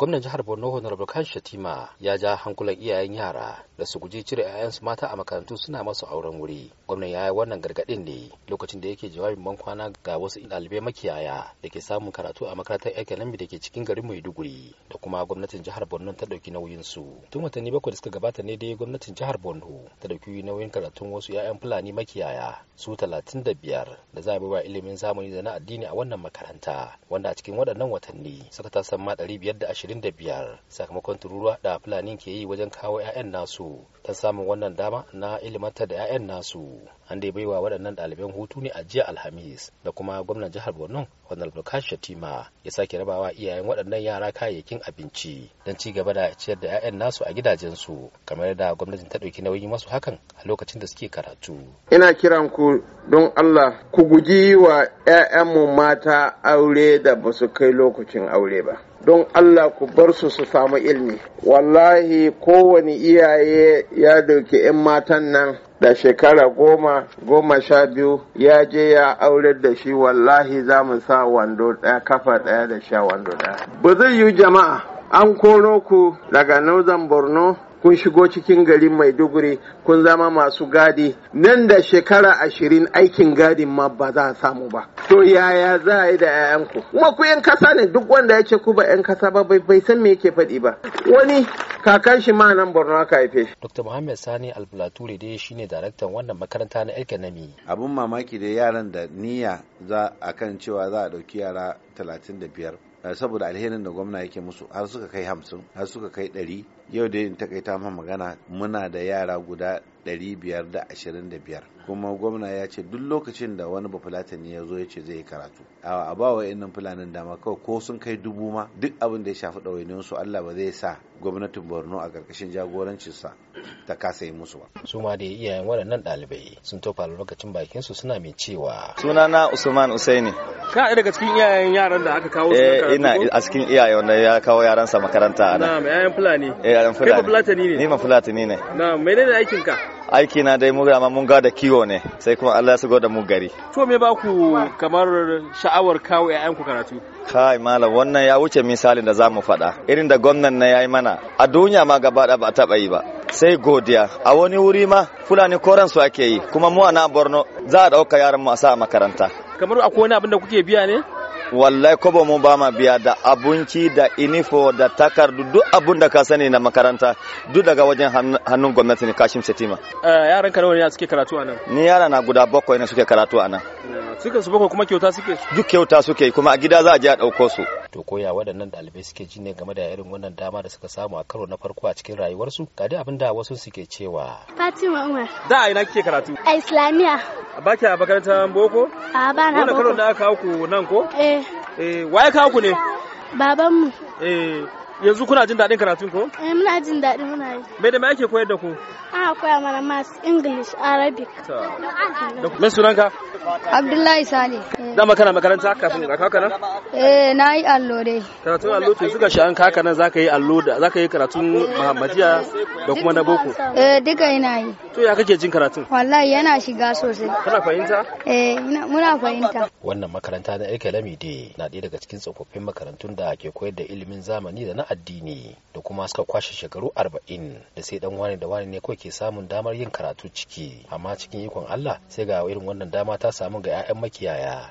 gwamnan jihar borno honorable kan shatima ya ja hankulan iyayen yara da su guji cire 'ya'yansu mata a makarantu suna masu auren wuri gwamnan ya yi wannan gargaɗin ne lokacin da yake jawabin bankwana ga wasu ɗalibai makiyaya da ke samun karatu a makarantar economy da ke cikin garin maiduguri da kuma gwamnatin jihar borno ta ɗauki nauyin su tun watanni bakwai da suka gabata ne dai gwamnatin jihar borno ta ɗauki nauyin karatun wasu 'ya'yan fulani makiyaya su talatin da biyar da za a baiwa ilimin zamani da na addini a wannan makaranta wanda a cikin waɗannan watanni suka tasan ma ɗari biyar da ashirin 25 sakamakon tururuwa da fulani ke yi wajen kawo 'ya'yan nasu ta samun wannan dama na ilimantar da 'ya'yan nasu an dai baiwa waɗannan ɗaliban hutu ne a jiya alhamis da kuma gwamnan jihar borno honorable bukash shatima ya sake rabawa iyayen waɗannan yara kayayyakin abinci don ci gaba da ciyar da 'ya'yan nasu a gidajensu kamar yadda gwamnatin ta ɗauki nauyi masu hakan a lokacin da suke karatu ina kiran ku don allah ku guji wa 'ya'yanmu mata aure da ba su kai lokacin aure ba don Allah ku bar su su samu ilmi wallahi kowane iyaye ya dauki 'yan matan nan da shekara goma goma sha biyu ya je ya aure da shi wallahi za mu sa wando ɗaya kafa ɗaya da sha wando ɗaya ba zai yi jama'a an koro ku daga northern borno kun shigo cikin garin maiduguri kun zama masu gadi nan da shekara ashirin aikin gadin ma ba za a samu ba to yaya za a yi da 'ya'yanku kuma ku 'yan kasa ne duk wanda ya ce ku ba 'yan kasa ba bai san me yake faɗi ba wani kakan shi ma nan borno aka haife shi dr muhammad sani albulature dai shine daraktan wannan makaranta na economy Abin mamaki da yaran da niyya za a kan cewa za a ɗauki yara talatin da biyar. Eh, saboda alherin da gwamna yake musu har suka kai hamsin har suka kai ɗari yau da in takaita ma magana muna da yara guda ɗari biyar da ashirin da biyar kuma gwamna ya ce duk lokacin da wani bafulatani ya zo ya ce zai yi karatu a ba wa innan fulanin dama kawai ko sun kai dubu ma duk abin da ya shafi ɗawainiyar su Allah ba zai sa gwamnatin Borno a ƙarƙashin jagorancinsa ta kasa yi musu ba su ma da iyayen waɗannan ɗalibai sun tofa lokacin bakin su suna mai cewa sunana Usman Usaini ka daga cikin iyayen yaran da aka kawo su eh, ina a cikin iyaye wanda ya kawo yaran sa makaranta ana na'am yayan fulani eh yayan fulani kai fulatani ne ni ma fulatani ne na'am menene aikin ka aiki na dai muga amma mun ga da kiwo ne sai kuma Allah ya shigo da mu gari to me ba ku kamar sha'awar kawo ƴaƴan ku karatu kai malam wannan ya wuce misalin da zamu faɗa irin da gwamnan na yayi mana a duniya ma gaba ba a taɓa yi ba sai godiya a wani wuri ma fulani koran su ake yi kuma mu a nan Borno za a ɗauka yaran mu a sa makaranta kamar akwai wani abin da kuke biya ne wallai kobo mu ba ma biya da abinci da inifo da takardu duk abun da ka sani na makaranta duk daga wajen hannun gwamnati ne kashim setima eh, yaran ka nawa suke karatu a nan ni yara na guda bakwai ne suke karatu a nan eh, suke su bakwai kuma kyauta suke duk kyauta suke kuma a gida za a je a dauko su to koya waɗannan ɗalibai suke ji ne game da irin wannan dama da suka samu a karo na farko a cikin rayuwarsu ga dai abin da wasu suke cewa Fatima Umar da a ina kike karatu a Islamiya ba baki a makarantar boko a ba na boko wannan karo da aka kawo ku nan ko eh eh waye ka ku ne mu eh yanzu kuna jin daɗin karatun ko? Eh muna jin daɗi muna yi. Me da me ake koyar da ku? a koya mana mas English, Arabic. Da sunanka? Abdullahi Sani. dama kana makaranta kafin ka kaka nan eh na yi allo dai karatun allo to suka sha'an kaka nan zaka yi allo da zaka yi karatun muhammadiya da kuma na boko eh duka ina yi to ya kake jin karatun wallahi yana shiga sosai kana fahimta eh muna fahimta wannan makaranta na Elke Lamide na ɗaya daga cikin tsofaffin makarantun da ke koyar da ilimin zamani da na addini da kuma suka kwashe shekaru arba'in da sai dan wani da wani ne kawai ke samun damar yin karatu ciki amma cikin ikon Allah sai ga irin wannan dama ta samu ga 'ya'yan makiyaya